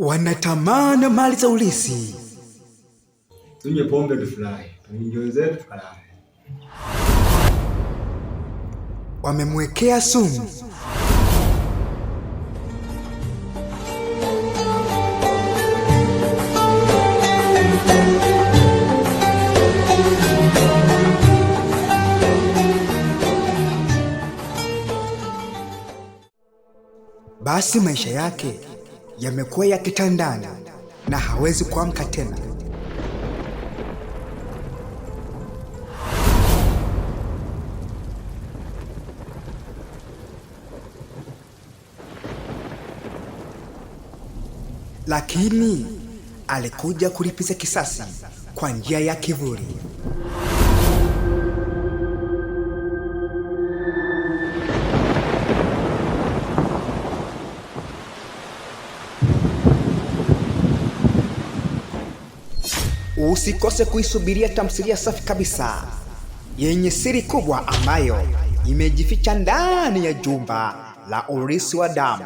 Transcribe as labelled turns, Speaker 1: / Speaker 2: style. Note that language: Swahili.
Speaker 1: wanatamana mali za ulisi.
Speaker 2: Tunywe pombe tufurahi, tuinjoi zetu tukalale.
Speaker 1: Wamemwekea sumu. Basi maisha yake yamekuwa ya kitandani na hawezi kuamka tena. Lakini alikuja kulipiza kisasi kwa njia ya kivuli. Usikose kuisubiria tamthilia safi kabisa yenye siri kubwa ambayo imejificha ndani ya jumba la urisi wa damu.